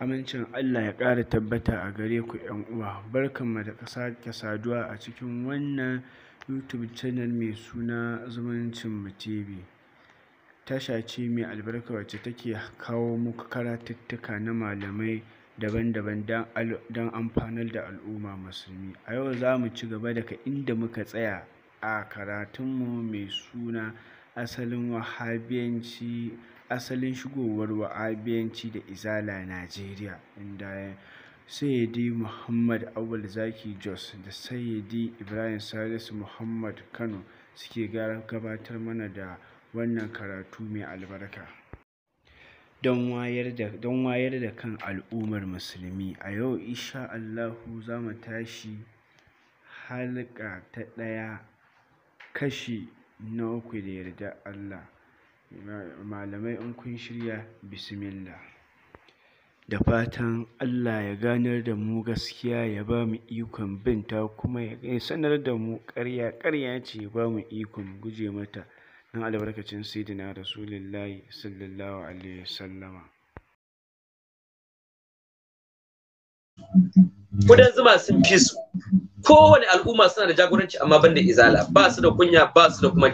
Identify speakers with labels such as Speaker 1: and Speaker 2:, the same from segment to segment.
Speaker 1: Amincin Allah ya ƙara tabbata a gare ku uwa barkanmu da sake saduwa a cikin wannan YouTube channel mai suna zumuncin mu, TV. Tasha ce mai albarka wacce take kawo muku karatuttuka na malamai daban-daban don amfanar da al'umma musulmi. A yau za mu ci gaba daga inda muka tsaya a karatunmu mai suna asalin wahabiyanci asalin shigowar wa'abiyanci da izala Najeriya inda Sayyidi Muhammad Awal Zaki Jos da Sayyidi Ibrahim Salisu Muhammad Kano suke gabatar mana da wannan karatu mai albarka. Don wayar da kan al'ummar musulmi a yau isha Allahu za mu tashi halka ta ɗaya kashi na uku da yarda Allah. malamai in kun shirya bismillah da fatan Allah ya ganar da mu gaskiya ya ba mu ikon binta kuma ya sanar da mu ƙarya ƙarya ce ya ba mu ikon guje mata nan albarkacin sayyidina rasulullahi sallallahu alaihi wasallama
Speaker 2: kudan zuma sun fi su kowane al'umma suna da jagoranci amma ban da izala ba su da kunya ba su da kuma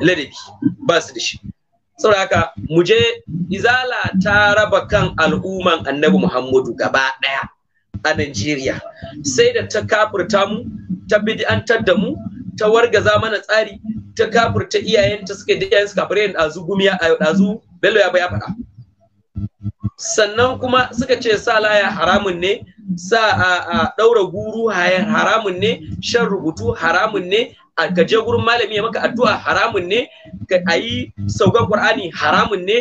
Speaker 2: ladabi ba su da shi saboda haka mu je izala ta raba kan al'umman annabi muhammadu gaba daya a Najeriya sai da ta kafurta mu ta bid'antar da mu ta wargaza mana tsari ta kafurta iyayenta suka da iyayen su kafirai azu gumiya a bello ya Bello ya faɗa sannan kuma suka ce sa laya haramun ne sa a ɗaura guru haramun ne shan rubutu haramun ne ka je gurin malami ya maka addu'a haramun ne ka ayi saukan qur'ani haramun ne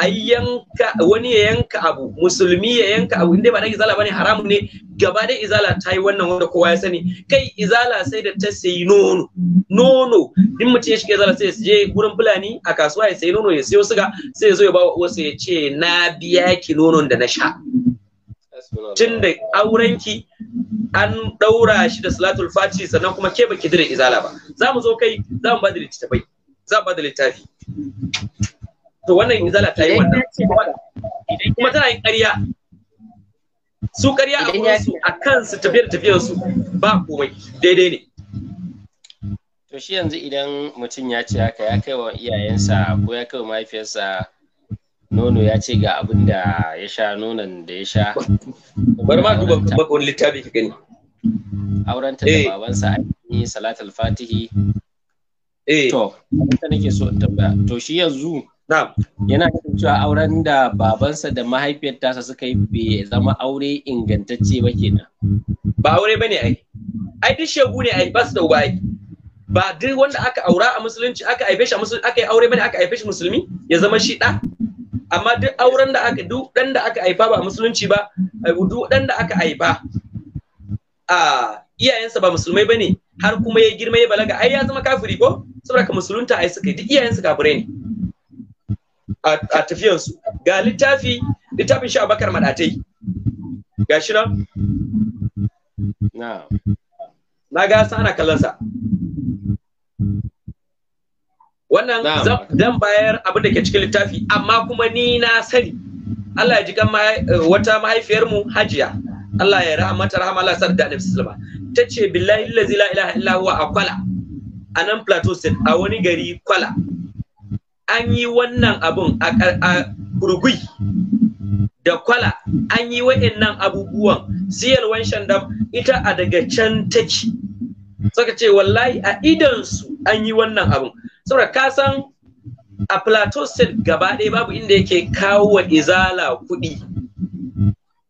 Speaker 2: ai yanka wani ya yanka abu musulmi ya yanka abu inda ba da izala bane haramu ne gaba da izala ta yi wannan wanda kowa ya sani kai izala sai da ta sayi nono nono din mutum ya shiga izala sai je gurin fulani a kasuwa ya sayi nono ya sayo suga sai ya zo ya ba wasu ya ce na biya ki nonon da na sha Tunda aurenki an daura shi da salatul fati sannan kuma ke baki dire izala ba za mu zo kai za mu ba da littafi za ba da littafi to wannan izala ta yi wannan kuma tana yin ƙarya su ƙarya
Speaker 3: a wurin su a kansu tafiyar tafiyar su ba komai daidai ne to shi yanzu idan mutum ya ce haka ya kai wa iyayensa ko ya kai wa mahaifiyarsa nono ya ce ga abin da ya sha nonon da ya sha bar ma duba bakon littafi ka gani aurenta da eh. babansa a yi salatul fatihi eh. to abin da nake so in tambaya to shi yanzu yana nufin cewa auren da babansa da mahaifiyar tasa suka yi bai zama aure ingantacce ba kenan ba aure ne ai ai duk shegu ne ai ba su da uba ai
Speaker 2: ba duk wanda aka aura a musulunci aka haife shi aka yi aure ne aka haife shi musulmi ya zama shi ɗa. amma duk auren da aka duk ɗan da aka haifa ba a musulunci ba duk ɗan da aka haifa a iyayensa ba musulmai ba ne, har kuma ya girma ya balaga ai ya zama kafiri ko saboda ka musulunta ai suka duk iyayensa kafirai ne a tafiyansu ga littafi littafin shi abakar madatai ga shi nan na ga ana kallonsa wannan zan bayar abin da ke cikin littafi amma kuma ni na sani Allah ya ji kan wata mahaifiyarmu hajiya Allah ya rahama ta rahama Allah sar da annabi sallama ta ce billahi allazi la ilaha illa huwa a kwala a nan plateau a wani gari kwala an yi wannan abun a kurgui da kwala an yi nan abubuwan Wanshan shandam ita a daga can take suka ce wallahi a idansu an yi wannan abun saboda ka san a platosin gaba ɗaya babu inda yake kawo wa izala kuɗi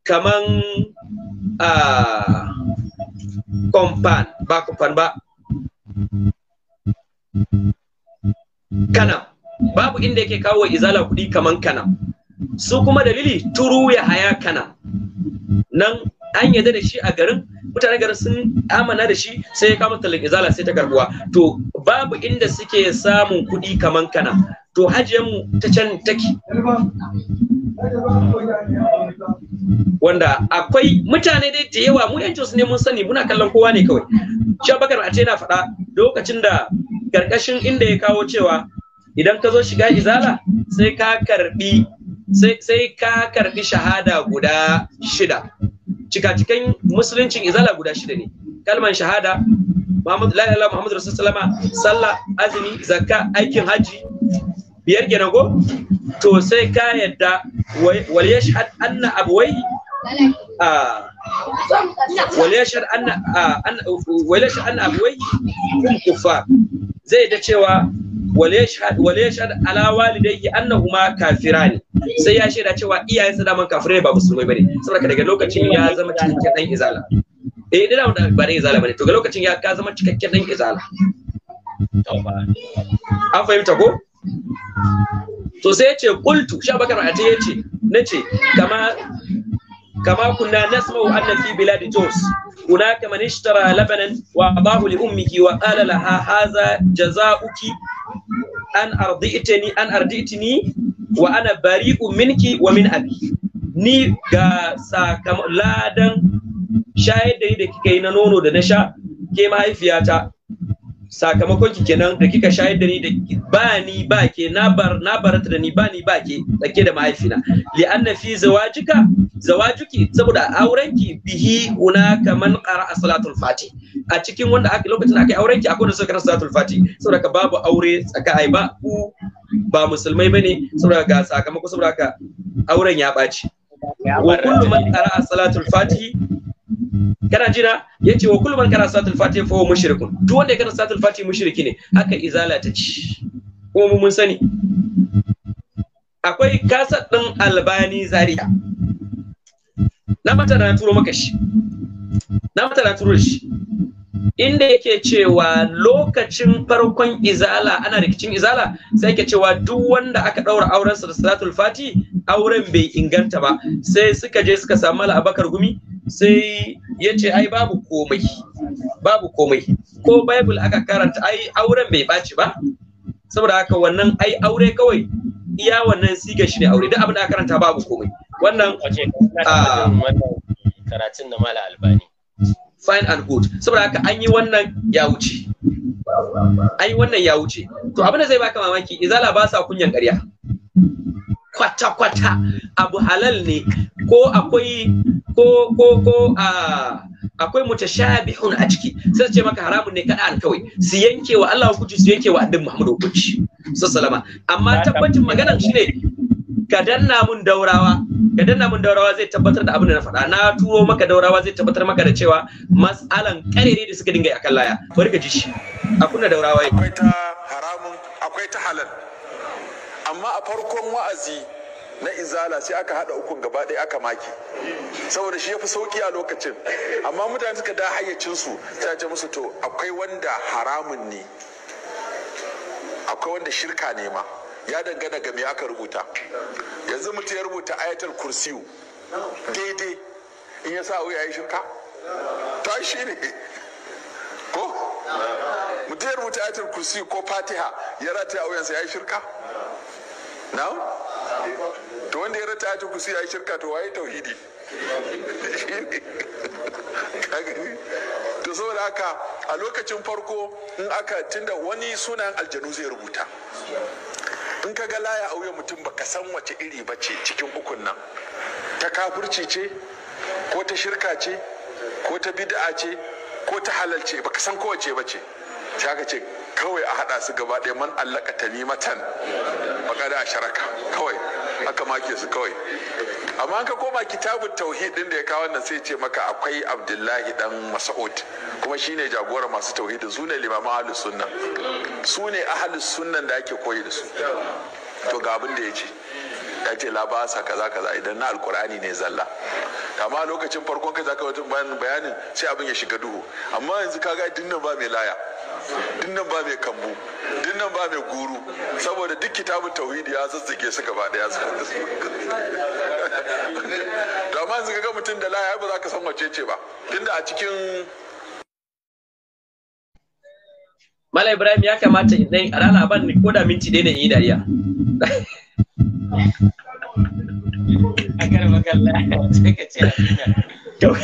Speaker 2: kaman a kompan ba kompan ba kana babu inda yake kawo izala kuɗi kaman kana su kuma dalili turu ya haya kana nan an yadda da shi a garin mutane garin sun amana da shi sai ya kama talin izala sai ta karbuwa to babu inda suke samun kuɗi kaman kana to hajiyanmu ta can take wanda akwai mutane dai da yawa mu yan su ne mun sani muna kallon kowa ne kawai shi abakar a ce na faɗa lokacin da karkashin inda ya kawo cewa idan ka zo shiga izala sai ka karbi sai ka karbi shahada guda shida cikacikan musuluncin izala guda shida ne kalman shahada Muhammad la ilaha Muhammad Rasulullah sallah azumi zakka aikin haji biyar kenan go to sai ka yadda wal yashhad anna abwai wal yashhad anna wal yashhad zai da cewa wale yashhad ala walidayhi annahuma kafirani sai ya shaida cewa iyayensa daman kafirai ba musulmai bane saboda daga lokacin ya zama cikakken dan izala eh dina da ba dan izala bane to ga lokacin ya ka zama cikakken dan izala an fahimta ko to sai yace qultu sha bakar ati yace nace kama kama kunna nasma'u anna fi biladi jos هناك من اشترى لبنا وأعطاه لأمه وقال لها هذا جزاؤك an ardi'tani an ardi'tini wa ana bari'u minki wa min abi ni ga sakam ladan shayar da ni da yi na nono da na sha ke mahaifiyata sakamakon ki kenan da kika shayar da ni da ba ni ba ke na bar na barata da ni ba ni ba ke dake da mahaifina li anna fi zawajika zawajuki saboda aurenki bihi una kaman qara salatul fati a cikin wanda aka lokacin aka yi aurenki akwai da suka karanta salatul fati saboda ka babu aure tsaka ai ba ku ba musulmai bane saboda ga sakamakon saboda ka auren ya baci wa kullu man qara salatul fati kana jira ya ce wa kulman kana satul fatih fa huwa mushrikun duk wanda ya kana satul fatih mushriki ne haka izala ta ci Ko mun sani akwai kasar din albani zaria na mata da turo maka shi na mata da turo shi inda yake cewa lokacin farkon izala ana rikicin izala sai yake cewa duk wanda aka daura auren sa da salatul fati auren bai inganta ba sai suka je suka samu al'abakar gumi sai ya ce ai babu komai babu komai ko bible aka karanta ai auren bai ɓaci ba saboda haka wannan ai aure kawai iya wannan siga shi ne aure duk abin da aka karanta babu komai wannan ah, karatun da mala albani fine and good saboda haka an yi wannan ya wuce ai wannan ya wuce to abin da zai baka mamaki izala ba sa kunyan ƙarya kwata-kwata abu halal ne ko akwai ko ko ko a akwai mutashabihun a ciki sai su ce maka haramun ne kada alkawai su yanke wa Allah hukunci su yanke wa addin Muhammadu hukunci sallama amma tabbacin maganar shine ka danna mun daurawa ka danna mun daurawa zai tabbatar da abin da na faɗa na turo maka daurawa zai tabbatar maka da cewa mas'alan karere da suka dinga yi akan laya bari ka ji shi a kunna
Speaker 4: daurawa akwai ta haramun akwai ta halal amma a farkon wa'azi na izala sai aka hada ukun gaba ɗaya aka maki saboda shi ya fi sauki a lokacin amma mutane suka da hayyacinsu ta ce musu to akwai wanda haramun ne akwai wanda shirka ne ma ya dangana ga me aka rubuta yanzu mutum ya rubuta ayatul kursiyu daidai in ya sa wuya shirka ta shi ne ko mutum ya rubuta ayatul kursiyu ko fatiha ya rataya wuyansa ya yi shirka na to wanda ya rata a ku ya yi shirka to waye tauhidi to da haka a lokacin farko in aka tunda wani sunan aljanu zai rubuta in ka ga laya auye mutum baka san wace iri ba ce cikin ukun nan ta kafurci ce ko ta shirka ce ko ta bid'a ce ko ta halal ce baka san kowace ba ce ka ce kawai a haɗa su gaba ɗaya man allaka tamimatan baka da sharaka kawai aka make su kawai amma an ka koma kitabun tauhid din da ya kawo nan sai ce maka akwai abdullahi dan mas'ud kuma shine jagora masu tauhidin su ne limaman ahalus sunna su ne ahalus sunnan da ake koyi da su to ga abin da ya ce ya ce labasa kaza kaza idan na alkur'ani ne zalla amma lokacin farkon ka zaka wata bayanin sai abin ya shiga duhu amma yanzu kaga dinnan ba mai laya dinnan ba mai kambu dinnan ba mai guru saboda duk kitabun tauhidi ya zazzage su gaba daya su da ma yanzu ga mutum da laya ba za ka san wace ce ba tunda a cikin Malam
Speaker 2: Ibrahim ya kamata in a rana ban ko da minti dai da yi dariya.
Speaker 3: A karmakalla, sai ka ce to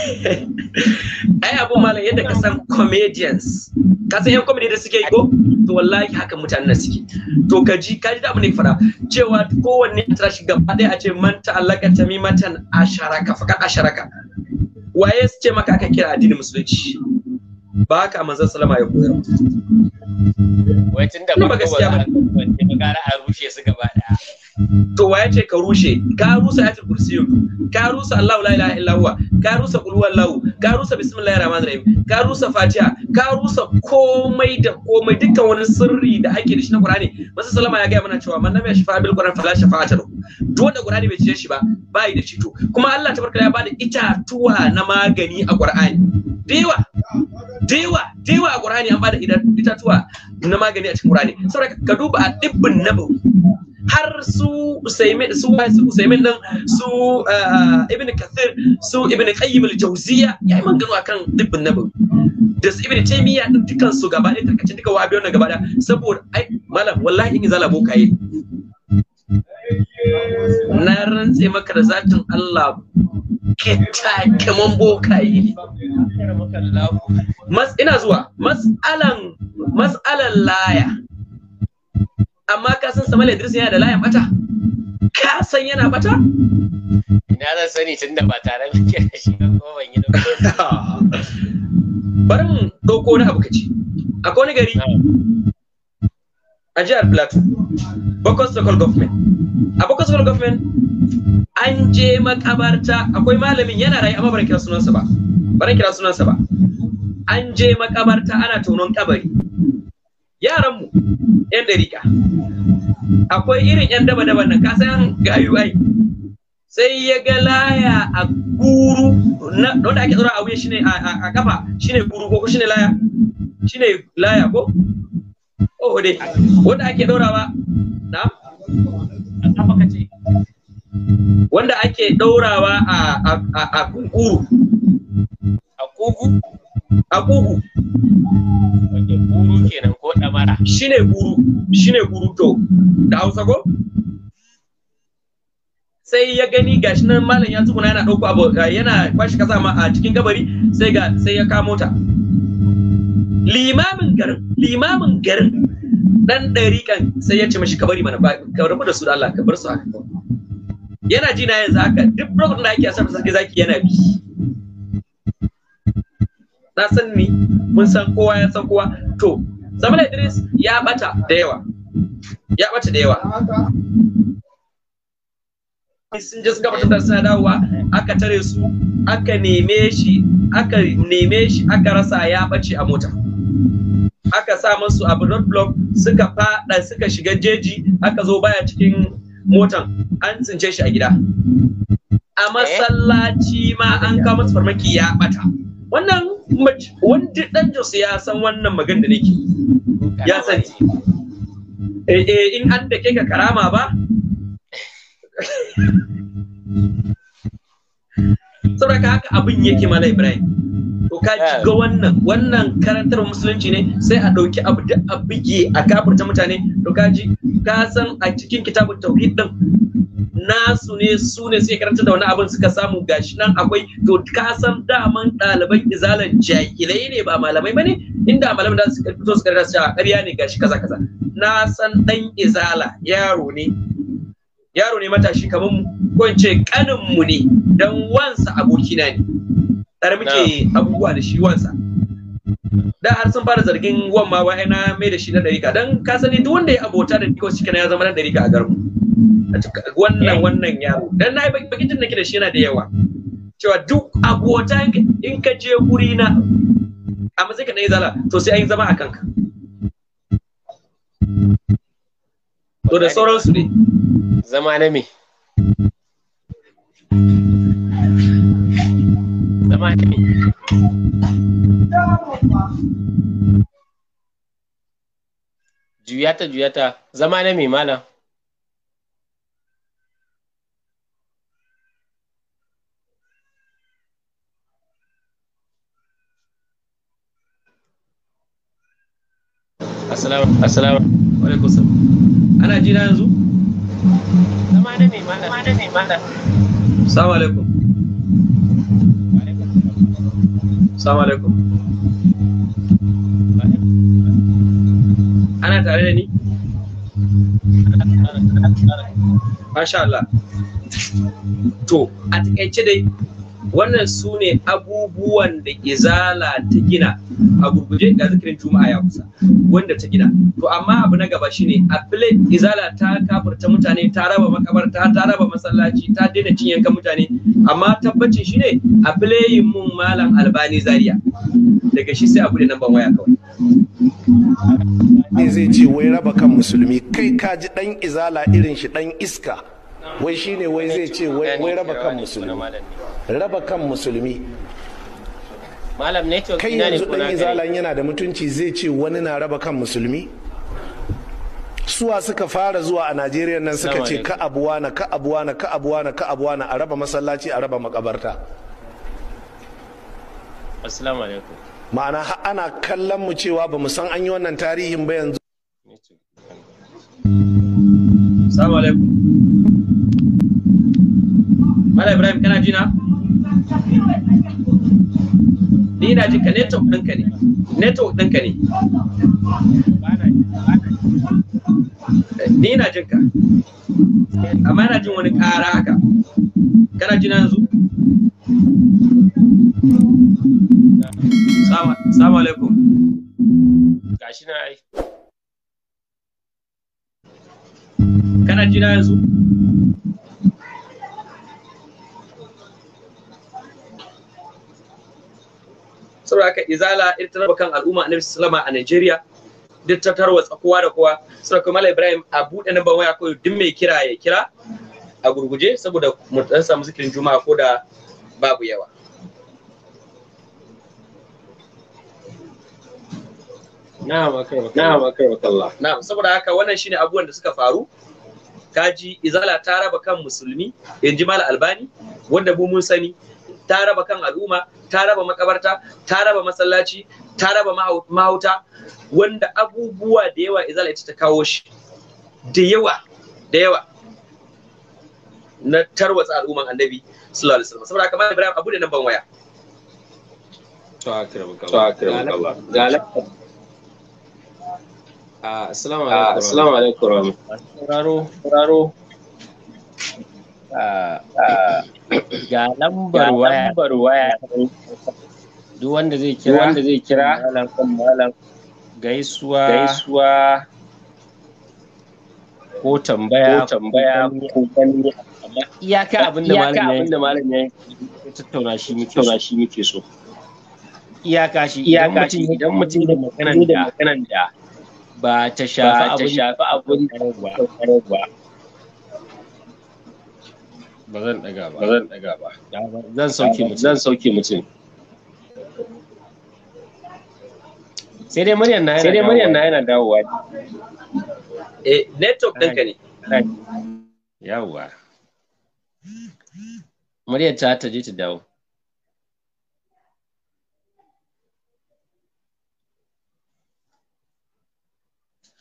Speaker 2: ai abu malam yadda ka san comedians ka san yan comedy da suke yi ko to wallahi haka mutanen da suke to ka ji ka ji da abu ne fara cewa kowanne tashi gaba ɗaya a ce man mi matan asharaka faka asharaka waye su ce maka aka kira addinin musulunci ba ka manzon salama ya koyar wai tunda ba ba
Speaker 3: gara a rushe su gaba ɗaya
Speaker 2: to waye ce ka rushe ka rusa ayatul kursiy ka rusa Allahu la ilaha illa huwa ka rusa qul huwallahu ka rusa bismillahir rahmanir rahim ka rusa fatiha ka rusa komai da komai dukkan wani sirri da ake da shi na qur'ani masa sallama ya ga mana cewa man lam shafa bil qur'an fala shafa'ata lahu To wanda qur'ani bai cije shi ba bai da shi to kuma Allah tabaraka ya bada itatuwa na magani a qur'ani dewa dewa dewa a qur'ani an bada itatuwa na magani a cikin qur'ani saboda ka duba a dibbin nabawi har su usaimin su usaimin din su eh, ibn kathir su ibn qayyim al-jawziya yayi magana akan dibbin nabawi da su ibn taymiya din dukan su gaba ɗaya tarkacin duka wa'abi wannan gaba da saboda ai malam wallahi in zala bokaye na rantse maka da zatin Allah ke takiman bokaye ina zuwa mas'alan mas'alan laya amma ka san Samuel Idris yana da layan bata ka san yana bata
Speaker 3: ina zan sani tunda ba tare da da shi ba ko ban yi bari mu dauko wani abu kace akwai wani gari
Speaker 2: a jihar Plateau Bokos Local Government a Bokos Local Government an je makabarta akwai malamin yana rayu amma baran kira sunansa ba baran kira sunansa ba an je makabarta ana tonon kabari yaranmu yan dariƙa akwai irin yan daba-daban nan kasan ga UI sai ya ga laya a guru na wanda ake tsara a wuya shine a kafa shine guru ko shine laya shine laya ko oh dai wanda ake daurawa na kafa kace wanda ake daurawa a a a, a kunkuru a kugu a kugu wanda guru kenan Mm-hmm. shine guru shine guru to da hausa ko sai ya gani gashi nan malam ya tsuguna yana dauko abu eh, yana kwashi kasa ma a cikin gabari sai ga sai ya kamo ta limamin garin limamin garin dan ɗarikan sai ya ce mashi ka bari mana ka rabu da su da Allah ka bar su haka yana ji na yanzu haka duk program da ake asar sai zaki yana bi na san ni mun san kowa ya san kowa to Samala Idris ya bata da yawa. Ya bata da yawa. Sun je suka bata suna dawowa aka tare su aka neme shi aka neme rasa ya bace a mota. Aka sa masu abu roadblock suka fada suka shiga jeji aka zo baya cikin motan an tsince shi a gida. A masallaci ma an kawo masu farmaki ya bata. Wannan wanda dan jos ya san wannan magana da nake ya sani eh, eh in an da ke ka karama ba saboda haka abin yake mana ibrahim to ka ga wannan wannan karantar musulunci ne sai a ɗauki abu da a bige a kafirta mutane to ka ji ka san a cikin kitabun tauhid din nasu ne su ne sai karanta da wani abin suka samu gashi nan akwai to ka san daman ɗaliban izalan jahilai ne ba malamai bane inda malamai da su fito su karanta su ƙarya ne gashi kaza kaza na san ɗan izala yaro ne yaro ne matashi kamar mu ko in ce kanin mu ne dan wansa abokina ne tare muke abubuwa da shi wansa da har sun fara zargin wan ma wai na mai da shi na ɗarika don ka sani duk wanda ya abota da dikon shi ya zama na ɗarika a garmu wannan wannan yaro dan na yi bakin jin nake da shi yana da yawa cewa duk abota in ka je guri na a matsayin ka na zala to sai an yi zama a kanka
Speaker 3: to da sauransu ne zama na me zama ne juyata juyata zama na mai mana. Assalamu assalamu alaikum.
Speaker 2: Ana jina yanzu?
Speaker 3: Zama na mana, zama na mai mana.
Speaker 2: Assalamu alaikum. Assalamu alaikum. Ana tare da ni? Masha Allah. To, a takaice dai wannan su ne abubuwan da izala ta gina a gurguje ga zikirin juma'a ya kusa wanda ta gina to amma abu na gaba shine a bile izala ta kafurta mutane ta raba makabarta ta raba masallaci ta daina cin yankan mutane amma tabbacin shine a yin mun malam
Speaker 4: albani zaria daga shi sai abu da nan ban waya kawai ne zai ce wai raba kan musulmi kai ka ji dan izala irin shi dan iska wai shine wai zai ce wai raba kan musulmi raba kan musulmi kai yanzu ɗan izalan yana da mutunci zai ce wani na raba kan musulmi suwa suka fara zuwa a najeriya nan suka ce ka abuwana ka abuwana ka abuwana ka abuwana a raba masallaci a raba makabarta ma'ana ana kallon mu cewa ba mu san an yi wannan tarihin ba yanzu
Speaker 2: Mala Ibrahim kana jina? Ni ina jinka network ɗinka ne. Network ɗinka ne. Ni ina jinka. Amma ina jin wani ƙara haka. Kana jina yanzu? Assalamu alaikum. Gashi na ai. Kana jina yanzu? saboda haka izala ita ta kan al'umma annabi sallama a Najeriya duk ta tarwa kowa da kowa saboda kuma Malam Ibrahim a buɗe na ban waya ko duk mai kira ya kira a gurguje saboda mu dan samu zikirin juma'a ko da babu yawa
Speaker 3: Na'am akai na'am akai Allah
Speaker 2: na'am saboda haka wannan shine abubuwan da suka faru kaji izala ta raba kan musulmi inji Malam Albani wanda mu mun sani ta raba kan al'umma ta raba makabarta ta raba masallaci ta raba mahauta wanda abubuwa da yawa izala ita ta kawo shi da yawa da yawa na tarwatsa al'umman annabi sallallahu alaihi wasallam saboda kamar Ibrahim abu da nan ban waya
Speaker 3: ah, ah, Assalamu alaikum. Assalamu alaikum. ga lambar waya duk wanda zai kira wanda zai kira gaisuwa gaisuwa ko tambaya ko tambaya ko gani iyaka abin da malam malam tattauna shi muke tattauna shi muke so iyaka shi idan mutum da maganan da maganan da ba ta shafi abin da ba ba zan ɗaga ba zan daga ba zan sauke mutum zan sauke mutum sai dai muryar na sai dai muryar na yana dawowa eh network ɗinka ne yawwa muryar ta ta je ta dawo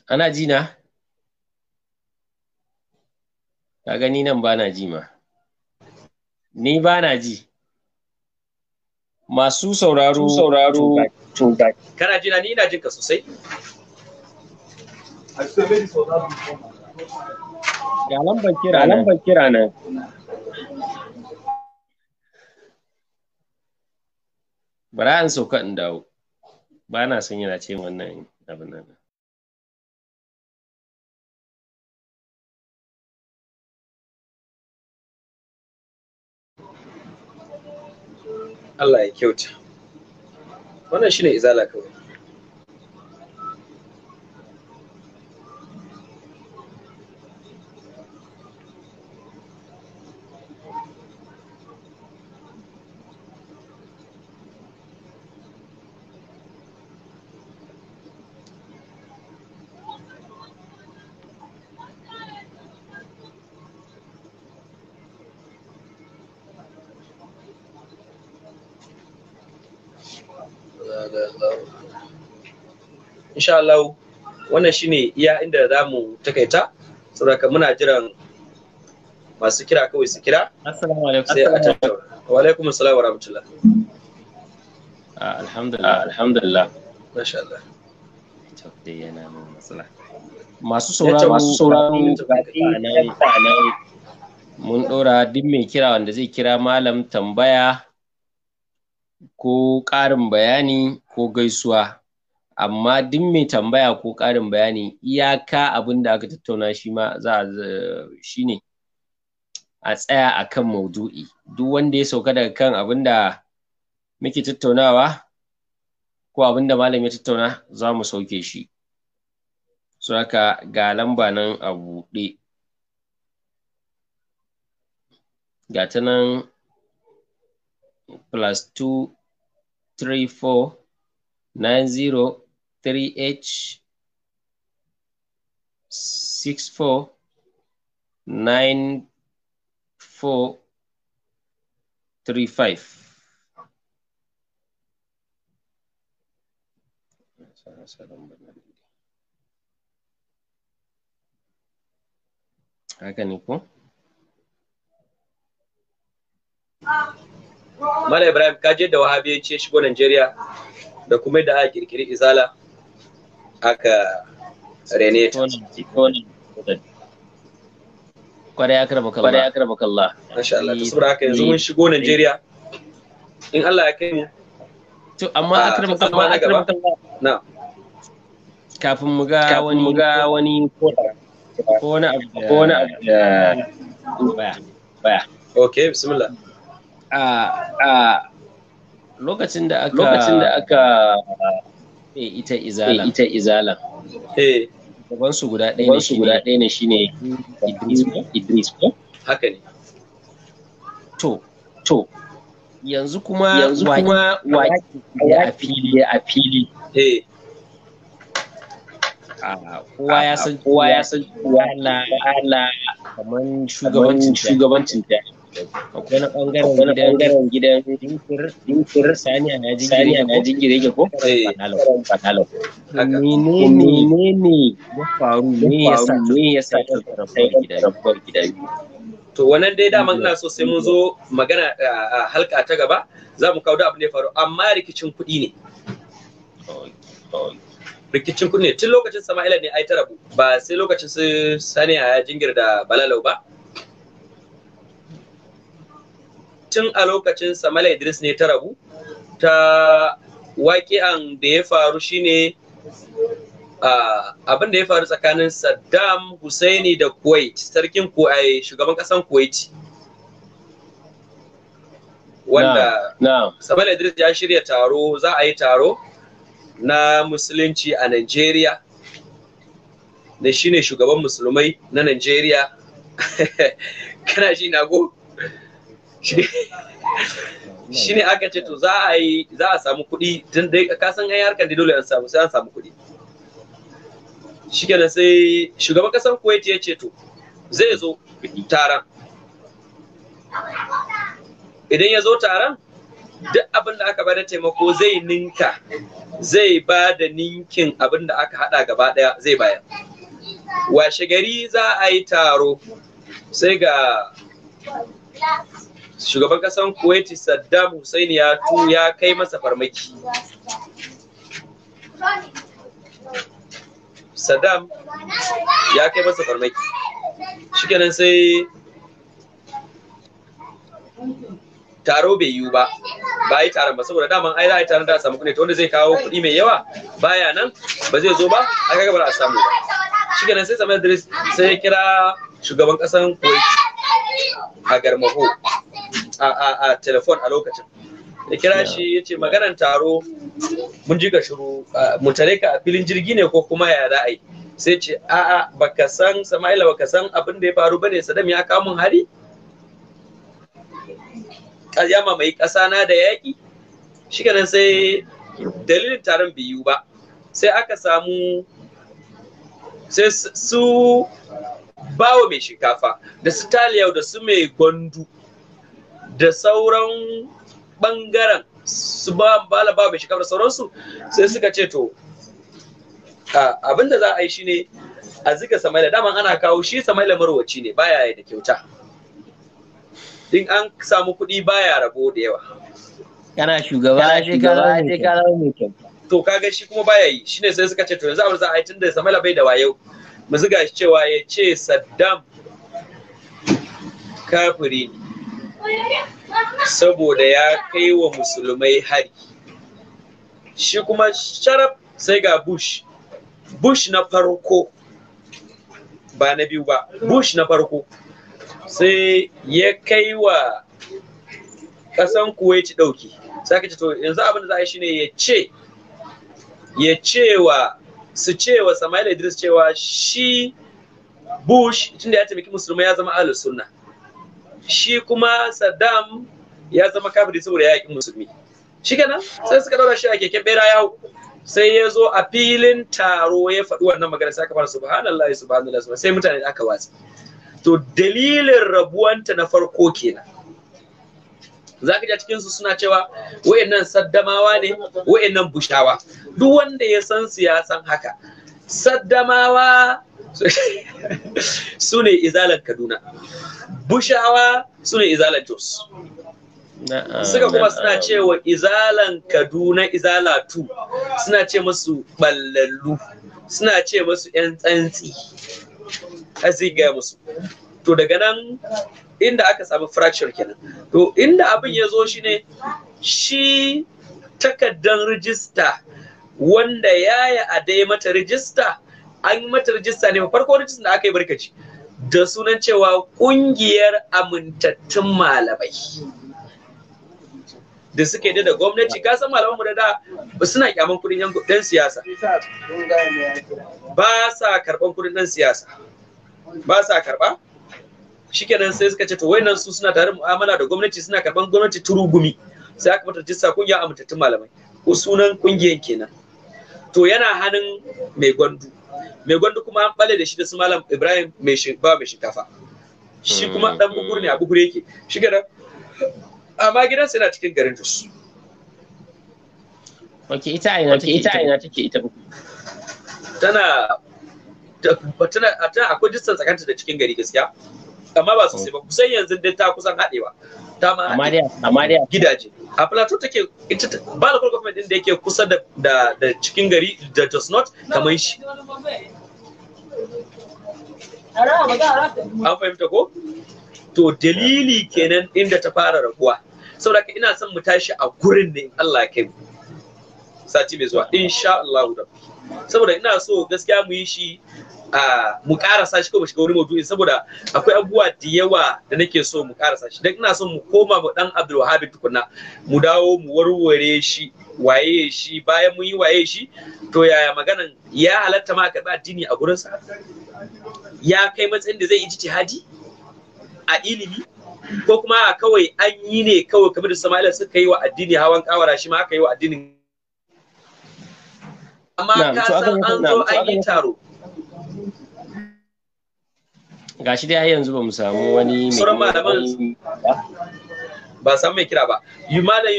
Speaker 3: ana ji na ka gani nan ba na ji ma ni ba na ji masu sauraro sauraro kana jina ni ina jinka sosai ga lambar kira lambar kira nan
Speaker 1: bara an sauka in dawo ba na son yana ce wannan abin nan Allah ya kyauta
Speaker 3: wannan shine izala kawai
Speaker 2: insha Allah wannan shine iya inda za mu takaita saboda muna jiran masu
Speaker 3: kira kawai su kira assalamu alaikum wa alaikum assalam wa rahmatullah ah, alhamdulillah alhamdulillah masha Allah tafi yana mun matsala masu sauraro masu sauraro mun ɗora duk mai kira wanda zai kira malam tambaya ko ƙarin bayani ko gaisuwa amma duk mai tambaya ko ƙarin bayani iyaka abin da aka tattauna shi ma za shi ne a tsaya a kan maudu'i duk wanda ya sauka daga kan abin da muke tattaunawa ko abin da malam ya tattauna za mu sauke shi su ga lamba nan a buɗe ga ta nan plus two three four nine zero 3H 64 9435. Haka ne Mala Ibrahim, kaje da wahabi ya ce
Speaker 2: shigo Najeriya da kuma da a kirkiri izala aka
Speaker 3: rene kwarai ya karba kwarai ya karba kalla masha Allah ta saboda haka yanzu mun shigo Najeriya in Allah ya kai mu to amma ah, akrama kalla akrama kalla na kafin mu ga wani mu ga wani ko wani abu ko wani abu baya baya okay bismillah a ah, a ah, lokacin da aka lokacin da aka Eh, ita eh, Izalan, ita gaban eh. su guda ɗaya ne guda ɗaya ne shine Idris ko haka ne to to yanzu kuma yanzu kuma waki a fili a ah, fili kowa ya san ah, kowa ya san Allah Allah shugabancin shugabancin jami'a akwai na ɓangaren gidan dinkir saniya na jingire yake ko fatalau mene ne ya faru me ya sa me ya sa ta rabuwar gida to
Speaker 2: wannan dai dama ina so sai mun zo magana a halka ta gaba za mu kawo da abu ne faru amma rikicin kuɗi ne rikicin kuɗi ne tun lokacin sama'ila ne ai ta rabu ba sai lokacin su saniya ya jingir da balalau ba tun a lokacin samala idris ne ta rabu ta waƙi'an da ya faru shine abin da ya faru tsakanin saddam husaini da kuwait sarkin kuwait shugaban ƙasan kuwait wanda samala idris ya shirya taro za a yi taro na musulunci a nigeria da shine shugaban musulmai na nigeria kana ji na go shi ne aka ce to za a yi za a samu kuɗi tun dai ka san ai harkar da dole an samu sai an samu kuɗi shikenan sai shugaban kasar Kuwait ya ce to zai zo taron idan ya zo taron duk abin da aka da taimako zai ninka zai ba da ninkin abin da aka hada gaba daya zai bayar washe gari za a yi taro sai ga shugaban kasan Kuwait saddam hussein ya tu ya kai masa farmaki saddam ya kai masa farmaki shikenan sai taro bai yiwu ba ba yi taron ba saboda daman ai za a yi taron da a samu kuɗi wanda zai kawo kuɗi mai yawa baya nan ba zai zo ba a kaga ba a samu ba shikenan sai samar sai ya kira shugaban kasan Kuwait. a garmaho a telefon a lokacin da kira shi ya ce maganan taro mun ji ga shiru mu ka a filin jirgi ne ko kuma ya ra'ayi sai ce a'a baka san sama'ila baka san abin da ya faru bane sadam ya kamun hari ya mai kasa na da yaƙi shi sai dalilin taron biyu ba sai aka samu sai su bawa mai shinkafa da su taliyau da su mai gwandu da sauran bangaren su ba bala ba mai shinkafa da sauransu sai suka ce to abinda za a yi shine a zika samaila Dama ana kawo shi samaila marwaci ne baya ya da kyauta in an samu kuɗi baya rabo da yawa
Speaker 3: kana shugaba shekara shekara mai kyauta
Speaker 2: to kaga shi kuma baya yi shine sai suka ce to yanzu abin za a yi tunda samaila bai da wayo mu ziga shi cewa ya ce saddam kafiri saboda ya kai wa musulmai hari shi kuma sharaf sai ga bush bush na farko ba na biyu ba bush na farko sai ya kai wa ƙasan kuwaiti ɗauki sai ka ce to yanzu abin da za a yi shine ya ce ya ce wa su cewa Sama'il Idris cewa shi Bush tunda ya taimaki musulmi ya zama ahlus sunna shi kuma Saddam ya zama kafiri saboda ya yi musulmi shikenan sai suka daura shi a keken bera yawo sai ya zo a filin taro ya faɗi wannan magana sai aka fara subhanallah subhanallahi sai mutane da aka watsa to dalilin rabuwanta na farko kenan zaka ji cikin su suna cewa wayannan saddamawa ne wayannan bushawa duk wanda ya san su ya san haka saddamawa su ne izalar kaduna bushawa su ne izalar jos
Speaker 3: suka kuma suna cewa
Speaker 2: izalan kaduna izala tu suna ce musu ballallu suna ce musu 'yan tsantsi a musu to daga nan inda aka samu fracture kenan to inda abin ya zo shi ne, shi takardar rijista wanda yaya a dai mata rijista an yi mata rijista ne farko rijistar da aka yi barkaci da sunan cewa kungiyar amintattun malamai da suke da da gwamnati ka san malaman mu da da suna kyaman kudin yan siyasa ba sa karban kudin dan siyasa ba sa karba shikenan sai suka ce to wayannan su suna tare mu'amala da gwamnati suna karban gwamnati turu-gumi, sai aka mata jissa kungiya amintattun malamai ko sunan kungiyan kenan to yana hannun mai gwandu mai gwandu kuma an bale da shi da su malam ibrahim mai ba mai shinkafa shi kuma dan mm. bugur ne a bugure yake shi ga amma gidansa yana cikin garin jos
Speaker 3: Wace ita aina take ita aina take ita bugu tana
Speaker 2: tana akwai distance tsakanta da cikin gari gaskiya amma ba sosai ba oh. kusan yanzu dai ta kusan haɗewa ta ma gidaje a plateau take ba da government din da yake kusa da da cikin gari da Jos not kamar shi
Speaker 1: an
Speaker 2: fahimta ko to dalili kenan inda ta fara rabuwa saboda ina son mu tashi a gurin ne Allah ya kai sati mai zuwa insha Allah saboda ina so gaskiya mu yi shi mu karasa shi ko ba shiga wani maudu'in saboda akwai abubuwa da yawa da nake so mu karasa shi dan ina son mu koma ga dan Abdul Wahabi tukunna mu dawo mu warware shi waye shi bayan mun yi waye shi to yaya maganan ya halatta ma karɓi addini a gurinsa ya kai matsayin da zai yi jihadi a ilimi ko kuma kawai an yi ne kawai kamar da Sama'ila suka yi wa addini hawan kawara shi ma aka yi wa addinin amma ka san an zo an yi taro
Speaker 3: gashi dai yanzu ba mu samu wani mai ba
Speaker 2: samu mai kira ba yumala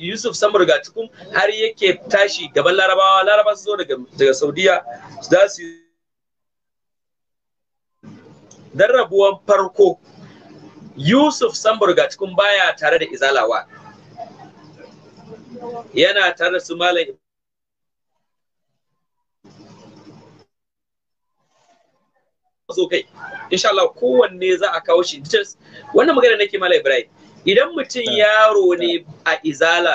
Speaker 2: yusuf samar ga cikin har yake tashi gaban larabawa laraba su zo daga saudiya za su dan rabuwan farko yusuf sambar ga cikin baya tare da izalawa yana tare da su malam zo kai insha Allah kowanne za a kawo shi details wannan magana nake mala Ibrahim idan mutum yaro ne a izala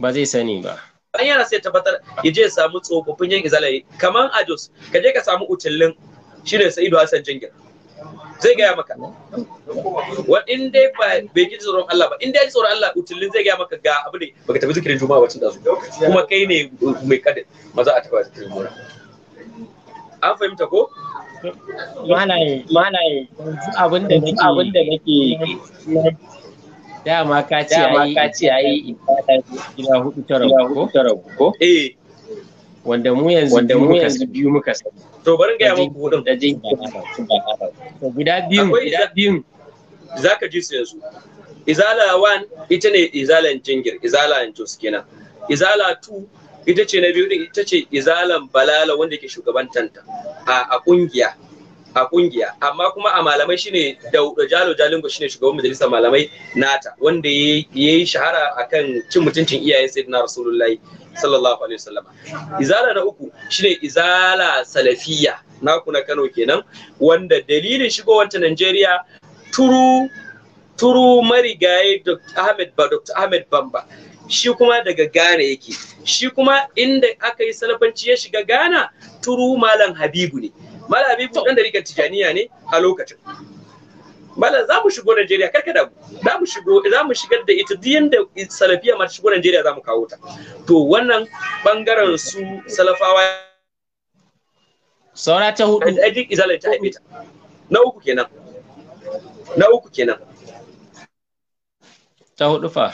Speaker 3: ba zai sani ba
Speaker 2: an yana sai tabbatar ya je samu tsofaffin yan izala kaman a Jos ka je ka samu utullin shine sai Sa'idu Hassan Jingir zai gaya maka wa in dai ba bai ji tsoron Allah ba in dai ji tsoron Allah utullin zai gaya maka ga abu ne baka tafi zikirin juma'a wacin da su kuma kai ne mai kada maza a tafi zikirin juma'a
Speaker 3: an fahimta ko malaye malaye abin da nake abin da nake dama ka ce ayi ka ayi gida hudu tara ko eh wanda mu yanzu wanda mu yanzu biyu muka sani to bari ga muku da jin to guda biyu guda biyu
Speaker 2: zaka ji su yanzu izala 1 ita ne izalan jingir izalan jos kenan izala 2 ita ce na biyu ita ce izalan balala wanda ke shugabantanta a kungiya a kungiya amma kuma a malamai shine da jalo jalingo shine shugaban majalisar malamai nata wanda ya yi shahara akan cin mutuncin iyayen sayyidina rasulullahi sallallahu alaihi wasallam izala na uku shine izala salafiyya naku na Kano kenan wanda dalilin shigowanta Najeriya turu turu marigaye Dr. Ahmed ba Dr. Ahmed Bamba shi kuma daga Ghana yake shi kuma inda aka yi salafanci ya shiga Ghana turu malam Habibu ne malam Habibu dan dariƙar Tijaniya ne a lokacin malam za mu shigo Najeriya karka da za mu shigo za mu shigar da ita duk yanda salafiya ma shigo Najeriya za mu kawo ta to wannan bangaren su salafawa
Speaker 3: Sauna ta hudu ta
Speaker 2: haife ta na uku kenan na
Speaker 3: uku kenan ta hudu fa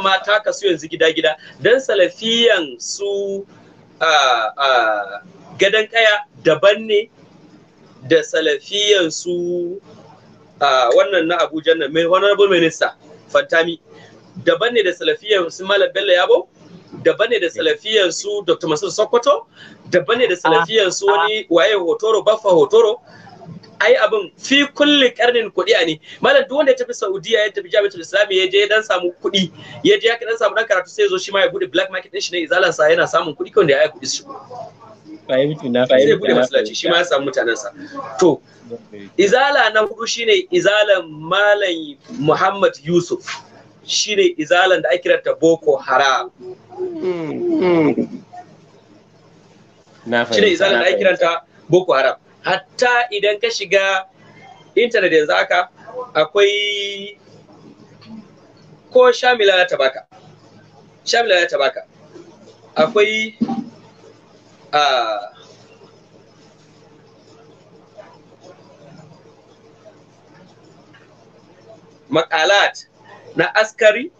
Speaker 2: ma ta kasu yanzu gida-gida don salafiyan su gadon kaya daban ne da salafiyan su wannan na abuja na mai honorable minister fantami daban ne da salafiyan su malam bello yabo daban ne da salafiyan su dr masud sokoto daban ne da ah, salafiyan su ah. wani waye hotoro baffa hotoro ai abin fi kulli karnin kuɗi ne malam duk wanda ya tafi Saudiya ya tafi Jami'atul Islami ya je ya dan samu kuɗi ya je ya dan samu dan karatu sai ya zo shi ma ya bude black market din shi ne izalan sa yana samun kuɗi kawai da ya yi kuɗi su
Speaker 3: fahimci na fahimci zai bude
Speaker 2: masallaci shi ma ya samu mutanensa. to izala na hudu shine izalan malam Muhammad Yusuf shine izalan da ake kiranta Boko Haram
Speaker 1: hmm, hmm.
Speaker 2: shine izalan da ake kiranta Boko Haram hatta idan ka shiga intanet yanzu haka akwai ko shamila ta baka shamila ta baka akwai a makalat na askari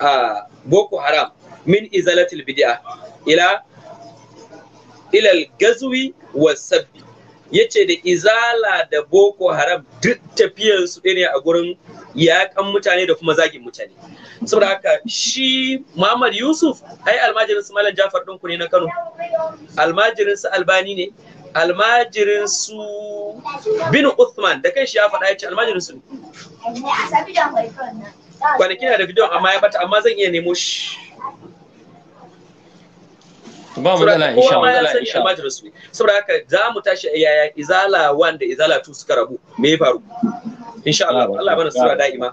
Speaker 2: a boko haram min izalatil bid'a ila ilal gazwi wa sabbi yace da izala da boko haram duk tafiyar su ne a gurin yakan mutane da kuma zagin mutane saboda haka shi Muhammad Yusuf ai almajirin su Malam Jafar ɗinku ne na Kano almajirin su Albani ne almajirin su bin Uthman da kan shi ya faɗa ya ce almajirin su ne kwanaki na da bidiyon amma ya bata amma zan iya nemo shi ba mu dala insha Allah insha Allah saboda haka za mu tashi yaya izala 1 da izala 2 suka rabu me ya faru
Speaker 3: insha Allah Allah bana sura da'ima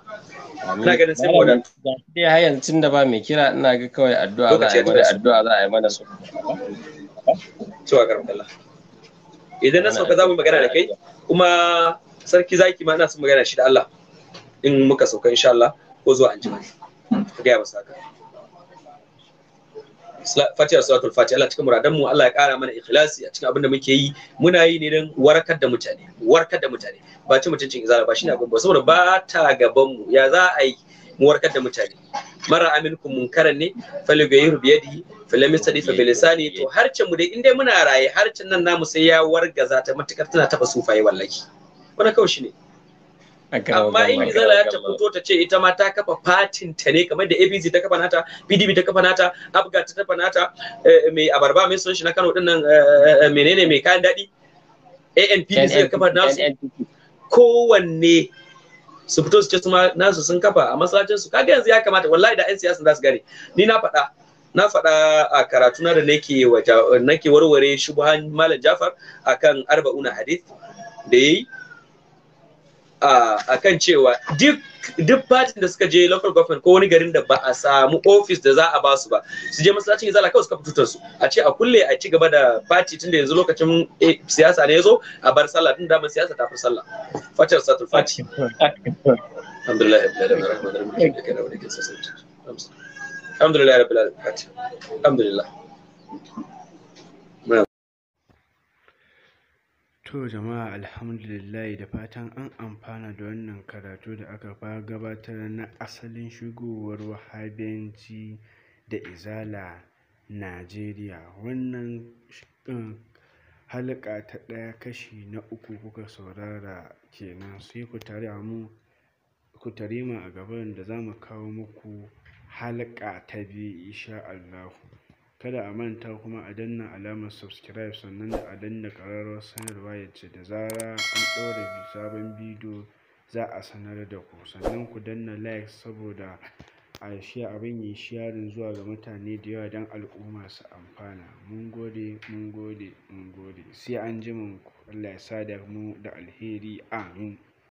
Speaker 3: ina ganin sai mu da dai har yanzu tunda ba mai kira ina ga kawai addu'a za a yi mana addu'a za a yi mana su cewa karamkallah
Speaker 2: idan na sauka za mu magana da kai kuma sarki zaki ma ina son magana shi da Allah in muka sauka insha Allah ko zuwa anjima ka gaya masa haka Fatiha suratul Fatiha Allah cikin muradan mu Allah ya kara mana ikhlasi a cikin abin da muke yi muna yi ne don warkar da mutane warkar da mutane ba ci mutuncin izara ba shine abin ba saboda ba ta gaban mu ya za a yi mu warkar da mutane mara aminkum munkaran ne falugayru bi yadihi falam fa bilisani to harcen mu dai in dai muna raye harcen nan namu sai ya wargaza ta matukar tana taba sufaye wallahi wannan kawai shine ne amma in zala ta fito ta ce ita ma ta kafa fatin ta ne kamar da ABC ta kafa nata PDP ta kafa nata Abga ta kafa nata eh, mai abarba mai sunan shi na Kano dinnan eh, eh, menene mai kayan daɗi ANPP sai kafa nasu kowanne su fito su ce su ma nasu sun kafa a masallacin su kaga yanzu ya kamata wallahi da 'yan siyasa za su gare ni na faɗa na faɗa a karatu na da nake nake warware shubuhan malam Jafar akan arba'una hadith da yayi a kan cewa duk duk fatin da suka je local government ko wani garin da ba a samu office da za a basu ba su je masallacin izala kawai suka fito su a ce a kulle a ci gaba da fati tunda yanzu lokacin siyasa ne yazo a bar sallah tunda damar siyasa ta fi sallah fatar satul fati alhamdulillah rabbil alamin alhamdulillah rabbil alamin alhamdulillah
Speaker 1: To jama'a alhamdulillahi da fatan an amfana da wannan karatu da aka fara gabatar na asalin shigowar wahabiyanci da izala Najeriya. Wannan um, halka ta ɗaya kashi na uku kuka saurara kenan sai ku tare ku tare mu a gaban da za mu kawo muku halka ta biyu insha Allahu. kada a manta kuma a danna alamar subscribe sannan da a danna ƙararrawar sanarwa yace da zara an ɗora sabon bidiyo za a sanar da ku sannan ku danna like saboda a shiya abin yi sharing zuwa ga mutane da yawa don al'umma su amfana mun gode mun gode mun gode sai an ji mun Allah ya sada mu da alheri amin